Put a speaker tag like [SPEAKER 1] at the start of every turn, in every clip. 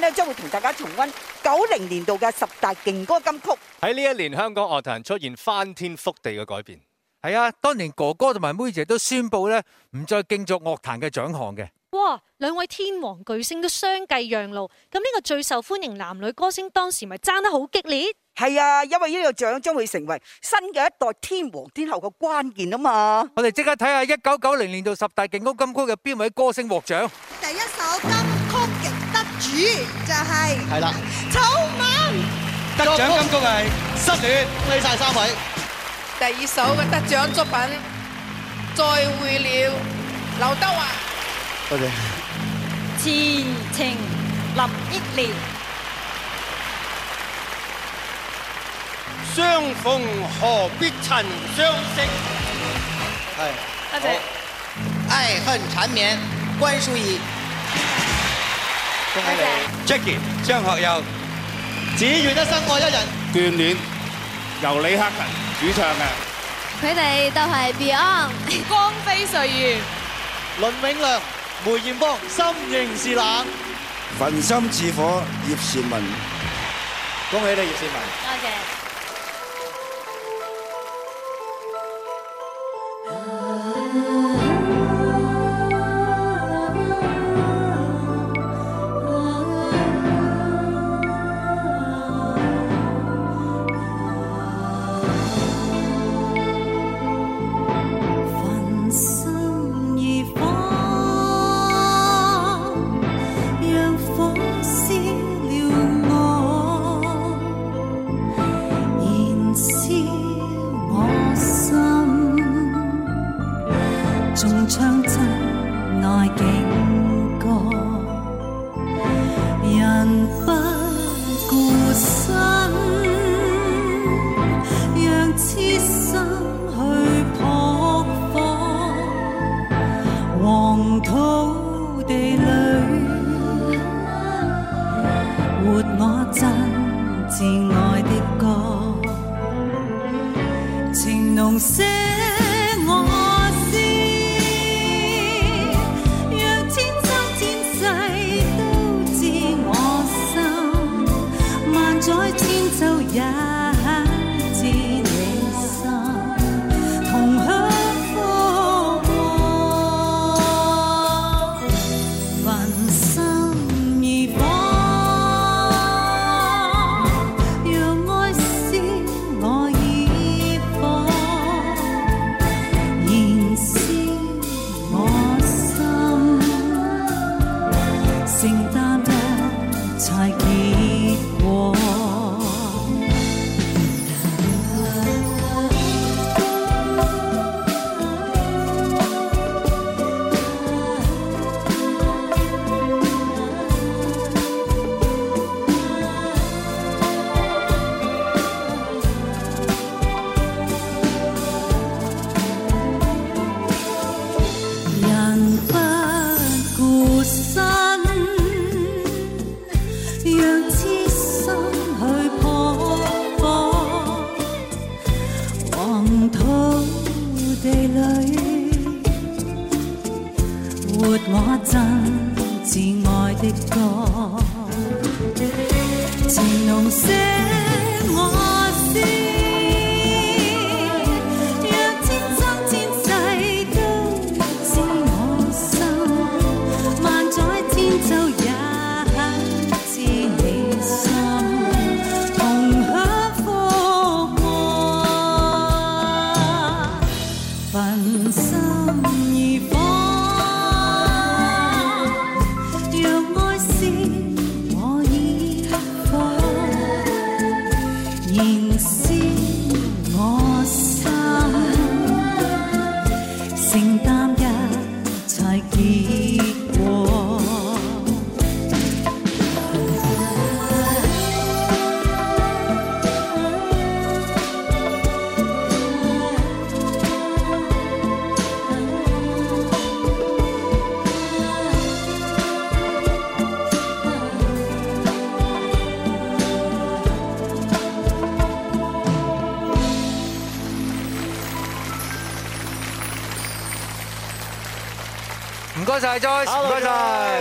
[SPEAKER 1] 咧將會同大家重温九零年度嘅十大勁歌金曲。
[SPEAKER 2] 喺呢一年香港樂
[SPEAKER 3] 壇出現翻天覆地嘅改變。係啊，當年哥哥同埋梅姐都宣布咧唔再競逐樂壇嘅獎項嘅。
[SPEAKER 4] 哇！兩位天王巨星都相繼讓路。咁呢個最受歡迎男女歌星當時咪爭得好激烈？
[SPEAKER 1] 係啊，因為呢個獎將會成為新嘅一代天王天后嘅關鍵啊嘛。我哋即刻睇下一九九零年
[SPEAKER 3] 度十大勁歌金曲嘅邊位歌星獲獎。
[SPEAKER 1] 第一首金。主就係，係啦。草蜢
[SPEAKER 5] 得獎金曲係《失戀》，恭
[SPEAKER 1] 喜曬三位。第二首嘅得獎作品《再會了》，劉德華。
[SPEAKER 6] 多謝。
[SPEAKER 1] 前情林憶蓮。相
[SPEAKER 2] 逢何必曾相識。係，多
[SPEAKER 3] 謝。愛恨纏綿，關淑怡。多
[SPEAKER 2] 謝，Jackie 張學友《只願一生愛一人》眷戀，由李克勤主唱嘅。佢哋都係 Beyond《光輝歲月》。倫永亮、梅艷芳《心仍是冷》，焚心似火，葉倩文。恭喜你，葉倩文。多謝。好，唔該晒，唔該晒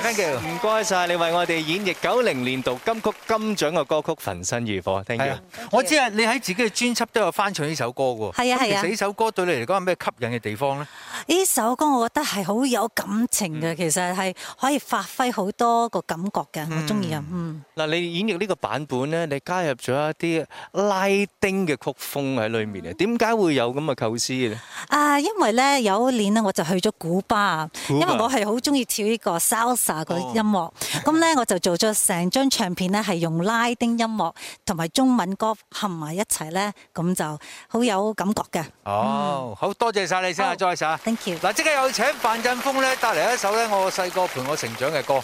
[SPEAKER 2] ，Thank you，Thank you，你為我哋演繹九零年度金曲金獎嘅歌曲《焚身如火》，聽住的。Thank you，我知啊，你喺自己嘅專輯都有翻
[SPEAKER 3] 唱呢首歌喎。係啊係啊。是其實呢首歌對你嚟講係咩吸引嘅地方咧？
[SPEAKER 2] 呢首歌我覺得係
[SPEAKER 4] 好有感情嘅，嗯、其實係可以發揮好多個感覺嘅，嗯、我中意啊！嗯，
[SPEAKER 2] 嗱，你演繹呢個版本咧，你加入咗一啲拉丁嘅曲風喺裏面啊？點解、嗯、會有咁嘅構思嘅咧？
[SPEAKER 4] 啊，因為咧有一年咧我就去咗古巴啊，巴因為我係好中意跳呢個 salsa 嗰啲音樂，咁咧、哦、我就做咗成張唱片咧係用拉丁音樂同埋中文歌合埋一齊咧，咁就好有感覺嘅。
[SPEAKER 3] 哦，嗯、好多謝晒你先啊，好再會先啊！嗱，即 Thank 刻有請范振鋒咧，帶嚟一首咧我細個陪我成長嘅歌。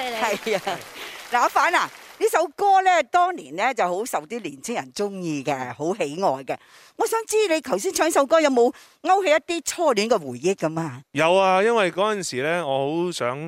[SPEAKER 1] 係啊，嗱、啊、阿范啊，呢首歌咧，當年咧就好受啲年青人中意嘅，好喜愛嘅。我想知你頭先唱首歌有冇勾起一啲初戀嘅回憶咁啊？
[SPEAKER 5] 有啊，因為嗰陣時咧，我好想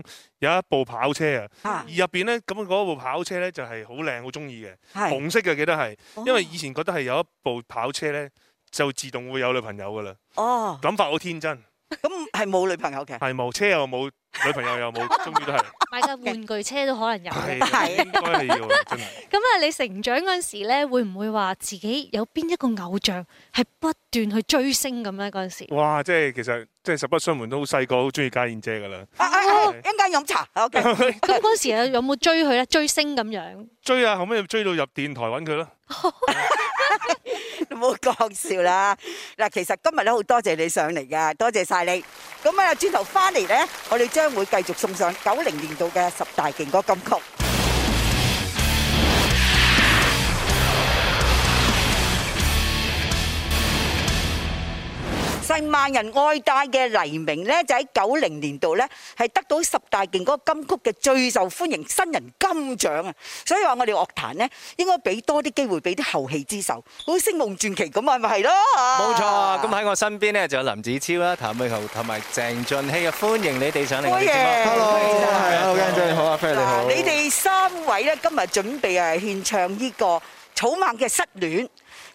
[SPEAKER 5] 有一部跑車啊，而入邊咧咁嗰部跑車咧就係好靚，好中意嘅，是紅色嘅，記得係，因為以前覺得係有一部跑車咧，就自動會有女朋友噶啦。哦、啊，諗法好天真。咁
[SPEAKER 1] 係冇女朋友嘅。係冇，車又冇。女朋友有冇？終於都係。
[SPEAKER 4] 買架玩具車都可能有。係係，應該係要，真係。咁啊， 你成長嗰陣時咧，會唔會話自己有邊一個偶像係不斷去追星咁咧？嗰陣時。
[SPEAKER 5] 哇！即係其實即係實不相瞞都好細個，好中意家燕姐噶啦、
[SPEAKER 4] 啊。啊啊啊！一間飲茶。O K。咁嗰陣時有
[SPEAKER 1] 冇追佢咧？追星咁樣。
[SPEAKER 5] 追啊！後尾追到入電台揾佢咯。 啊
[SPEAKER 1] 唔好講笑啦！嗱，其實今日咧好多謝你上嚟噶，多謝晒你。咁啊，轉頭翻嚟咧，我哋將會繼續送上九零年度嘅十大勁歌金曲。受萬人愛戴嘅黎明咧，就喺九零年度咧，係得到十大勁歌金曲嘅最受歡迎新人金獎啊！所以話我哋樂壇咧，應該俾多啲機會俾啲後起之秀，好似《星夢傳奇》咁啊，咪係咯？冇錯，
[SPEAKER 2] 咁喺我身邊咧就有林子超啦、譚永浩同埋鄭雋熹啊，歡迎你哋上嚟。好嘅，hello，係啊，好，gentlemen，你好啊，friend，你好。你哋
[SPEAKER 1] 三位咧，今日準備係獻唱呢個草蜢嘅《失戀》。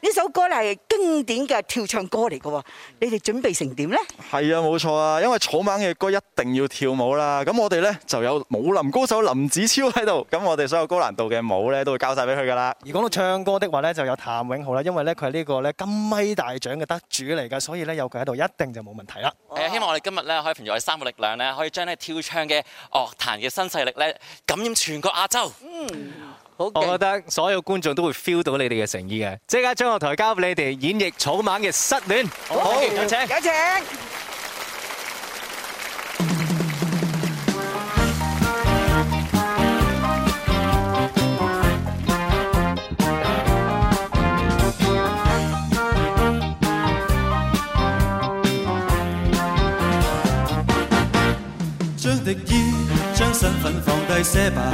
[SPEAKER 1] 呢首歌咧係經典嘅跳唱歌嚟嘅，你哋準備成點咧？
[SPEAKER 2] 係啊，冇錯啊，因為草蜢嘅歌一定要跳舞啦。咁我哋咧就有武林高手林子超喺度，咁我哋所有高難度嘅舞咧都會交晒俾佢噶啦。而講到唱歌的話咧，就有譚永浩啦，因為咧佢係呢個咧金咪大獎嘅得主嚟嘅，所以咧有佢喺度一定就冇問題啦。誒哇，希望我哋今日咧可以憑住我哋三個力量咧，可以將呢跳唱嘅樂壇嘅新勢力咧感染全國亞洲。嗯。我覺得所有觀眾都會 feel 到你哋嘅誠意嘅，即刻將個台交俾你哋演繹草蜢嘅失戀。好，有請、有請！將敵意，將身份放低些吧。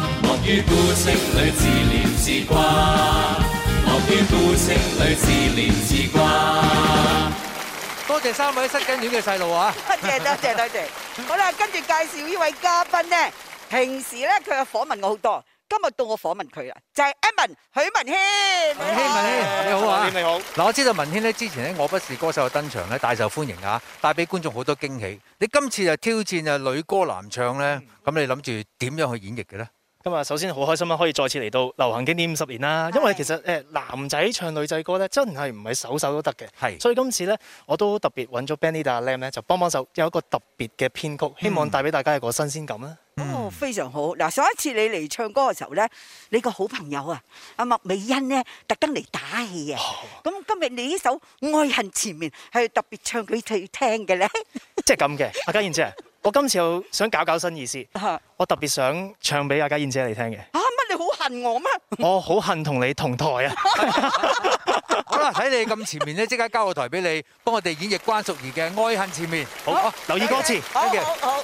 [SPEAKER 5] 於孤清裏自憐自掛，望於孤清裏自憐自掛。
[SPEAKER 1] 多謝，謝三位失
[SPEAKER 3] 根戀嘅細路啊！多謝多謝多謝，謝，謝，謝。
[SPEAKER 1] 好啦，跟住介紹呢位嘉賓呢。平時咧佢又訪問我好多，今日到我訪問佢啦。就係、是、阿文許、hey，文軒，文軒文軒，你好啊！你好。
[SPEAKER 3] 嗱，我知道文軒呢，之前呢，《我不是歌手》嘅登場咧大受歡迎啊，帶俾觀眾好多驚喜。你今次就挑戰就女歌男唱咧，咁你諗住點樣去演繹嘅咧？今日首先好開心啦，可以再次嚟到流行經典五十年
[SPEAKER 2] 啦。因為其實誒男仔唱女仔歌咧，真係唔係首首都得嘅。係，所以今次咧，我都特別揾咗 Benita 阿 Lam 咧，就幫幫手，有一個特別嘅編曲，希望帶俾大家一個新鮮
[SPEAKER 1] 感啦。哦，非常好。嗱，上一次你嚟唱歌嘅時候咧，你個好朋友啊，阿麥美恩咧，特登嚟打氣啊！咁今日你呢首《愛恨》前面係特別唱俾佢聽嘅咧。即係咁嘅，阿家燕姐。 我今次又想搞搞新
[SPEAKER 2] 意思，是的 我特別想唱俾阿家燕姐嚟聽嘅你
[SPEAKER 1] 聽嘅。啊乜你好恨我咩？
[SPEAKER 2] 我好恨
[SPEAKER 3] 同你同台啊！ 好啦，喺你咁前面咧，即刻交個台俾你，幫我哋演繹關淑怡嘅《愛恨前面》好。好，好好留意歌詞。好好。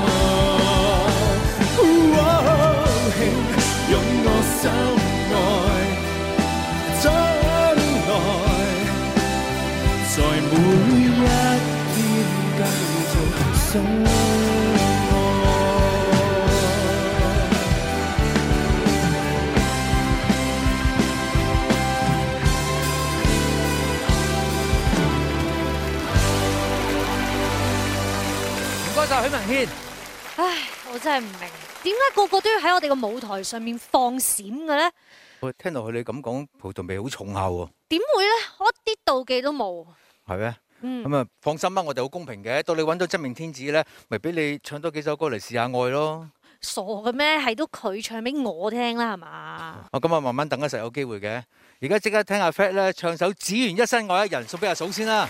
[SPEAKER 3] 許文軒，
[SPEAKER 4] 唉，我真係唔明，點解個個都要喺我哋個舞台上面放閃嘅咧？
[SPEAKER 3] 我聽落去你咁講，葡萄味好重喎？
[SPEAKER 4] 點會咧？我一啲妒忌都冇。係咩？嗯，咁啊，
[SPEAKER 3] 放心啦，我哋好公平嘅。到你揾到真命天子咧，咪俾你唱多幾首歌嚟試下愛咯？
[SPEAKER 4] 傻嘅咩？係都佢唱俾我聽啦，係
[SPEAKER 3] 嘛？我咁啊，慢慢等一陣有機會嘅。而家即刻聽阿 Fat 咧唱首《只願一生愛一人》，送俾阿嫂先啦。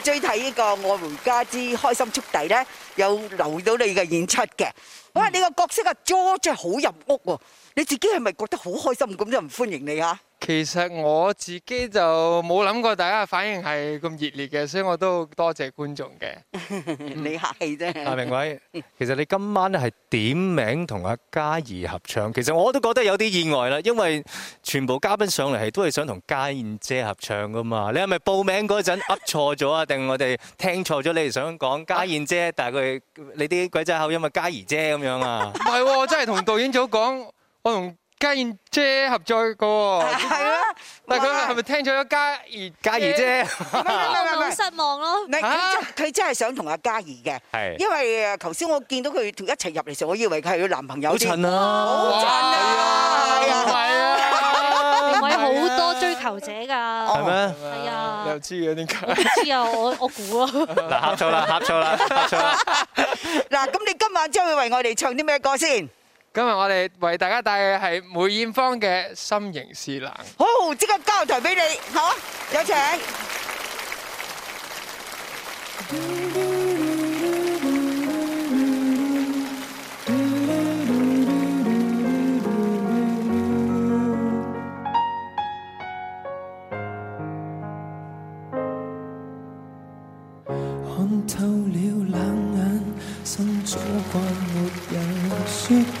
[SPEAKER 1] 追睇呢個《我回家之開心速遞》呢，有留到你嘅演出嘅。哇！嗯、你個角色啊，George，真係好入屋喎！你自己係咪覺得好開心？咁都唔歡迎你啊。
[SPEAKER 2] 其實我自己就冇諗過大家反應係咁熱烈嘅，所以我都多謝觀眾嘅。 你客氣啫。阿、啊、明偉，其實你今晚咧係點名同阿嘉儀合唱，其實我都覺得有啲意外啦，因為全部嘉賓上嚟係都係想同家燕姐合唱㗎嘛。你係咪報名嗰陣噏錯咗啊？定 我哋聽錯咗？你哋想講家燕姐，但係佢你啲鬼仔口音咪嘉儀姐咁樣啊？
[SPEAKER 3] 唔係，真係同導演組講，我同
[SPEAKER 1] 嘉儀姐合作嘅，係
[SPEAKER 3] 啦。嗱，佢係咪聽咗嘉儀
[SPEAKER 2] 嘉儀姐？
[SPEAKER 1] 唔好
[SPEAKER 4] 失望咯。嗱，佢
[SPEAKER 1] 真佢真係想同阿嘉儀嘅，係。因為啊，頭先我見到佢一齊入嚟時，我以為佢係佢男朋友。好襯
[SPEAKER 4] 啊！好襯啊！係啊！係啊！好多追求者噶。係咩？
[SPEAKER 1] 係啊。
[SPEAKER 2] 你又知嘅點解？
[SPEAKER 1] 知啊！我我估咯。嗱，呷醋啦，呷醋啦，呷醋啦。嗱，咁你今晚將會為我哋唱啲咩歌先？今日我哋為大家帶嘅
[SPEAKER 2] 係梅艷芳嘅《心仍是冷》。好，即刻交台俾你，好，有
[SPEAKER 1] 請。看透
[SPEAKER 5] 了冷眼，心早慣，沒有。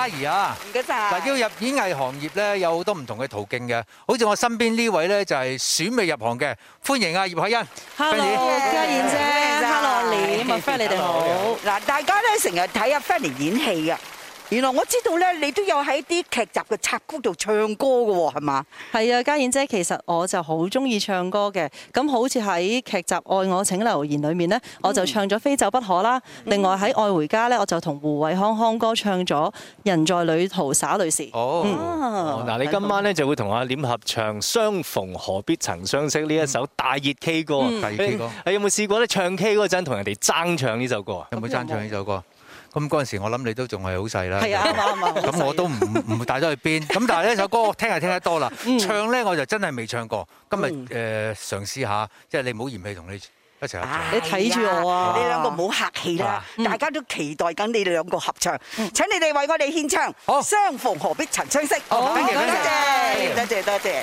[SPEAKER 3] 嘉儀啊，唔該曬。嗱，要入演藝行業咧，有好多唔同嘅途徑嘅。好似我身邊呢位咧，就係選美入行
[SPEAKER 1] 嘅。歡迎啊，葉凱茵。
[SPEAKER 5] Hello 家燕姐，Hello 阿廉啊，Fanny 你
[SPEAKER 1] 哋好。嗱，大家咧成日睇阿 Fanny 演戲嘅。原來我知道咧，你都有喺啲劇集嘅插曲度唱歌嘅喎，係嘛？係啊，家燕姐，其實我就好中意
[SPEAKER 4] 唱歌嘅。咁好似喺劇集《愛我請留言》裏面呢，我就唱咗《非走不可》啦。另外喺《愛回家》呢，我就同胡渭康康哥唱咗《人在旅途灑
[SPEAKER 2] 淚時》哦，嗱、嗯，啊哦、你今晚呢就會同阿廉合唱《相逢何必曾相識》呢一首大熱 K 歌。大熱、嗯、K 歌。你有冇試過咧？唱 K 嗰陣同人哋爭唱呢首
[SPEAKER 3] 歌？有冇爭唱呢首歌？咁嗰陣時，我諗你都仲係好細啦。係啊，冇冇。咁我都唔唔帶咗去邊。咁但係呢首歌聽係聽得多啦。唱咧我就真係未唱過。今日誒嘗試下，即係你唔好嫌棄同你一齊。你睇住我啊！
[SPEAKER 1] 你兩個唔好客氣啦，大家都期待緊你哋兩個合唱。請你哋為我哋獻唱。好，相逢何必曾相識。好，多謝，多謝，多謝。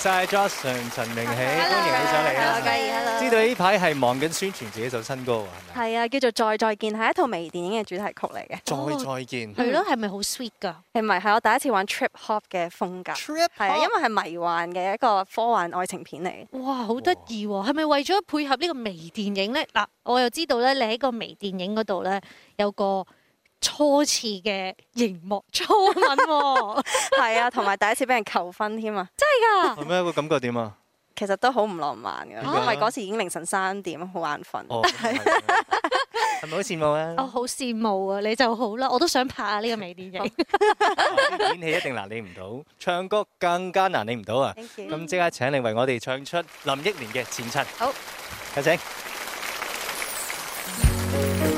[SPEAKER 2] 多謝 Johnson 陳明憙，嗯嗯嗯、歡迎你上嚟啦！嗯嗯、知道呢排係忙緊宣傳自己首新歌喎，
[SPEAKER 4] 係咪？係啊，叫做《再再見》，係一套微電影嘅主題曲嚟嘅。哦、再再見係咯，係咪好 sweet 㗎？誒咪？係，我第一次玩 trip hop 嘅風格，係啊，因為係迷幻嘅一個科幻愛情片嚟。哇，好得意喎！係咪為咗配合呢個微電影咧嗱？我又知道咧，你喺個微電影嗰度咧有個。初次嘅熒幕初吻喎，係啊，同埋 第一次俾人求婚添啊，真係㗎！
[SPEAKER 2] 咁樣會感覺點啊？
[SPEAKER 4] 其實都好唔浪漫㗎，為因為嗰時已經凌晨三點，好眼瞓。
[SPEAKER 2] 係咪好羨慕啊？哦，
[SPEAKER 4] 好羨慕啊！你就好啦，我都想拍下呢個微電影。
[SPEAKER 2] 好 演戲一定難理唔到，唱歌更加難理唔到啊！咁即 Thank you. 刻請你為我哋唱出林憶蓮嘅前塵。好，有請。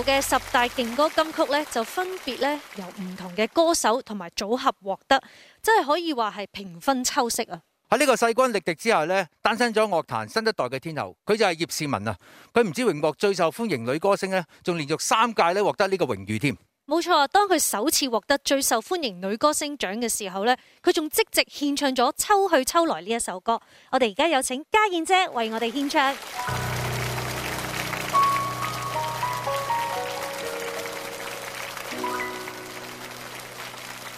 [SPEAKER 4] 嘅十大勁歌金曲呢，就分別咧由唔同嘅歌手同埋組合獲得，真係可以話係平分秋色啊！
[SPEAKER 3] 喺呢個勢均力敵之下呢，誕生咗樂壇新一代嘅天后，佢就係葉倩文啊！佢唔止榮獲最受歡迎女歌星呢，仲連續三屆呢獲得呢個榮譽添。
[SPEAKER 4] 冇錯，當佢首次獲得最受歡迎女歌星獎嘅時候呢，佢仲即席獻唱咗《秋去秋來》呢一首歌。我哋而家有請家燕姐為我哋獻唱。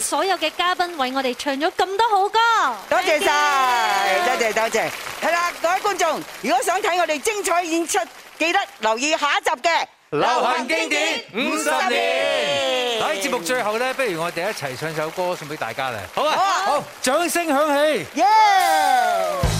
[SPEAKER 4] 所有嘅嘉賓為我哋唱咗咁多好歌，
[SPEAKER 1] 多謝晒，多謝多謝。係啦，各位觀眾，如果想睇我哋精彩演出，記得留意下一集嘅流行經典五十年。喺節目
[SPEAKER 3] 最後呢，不如我哋一齊唱首歌送俾大家啦。好啊，好啊，好，掌聲響起，Yeah！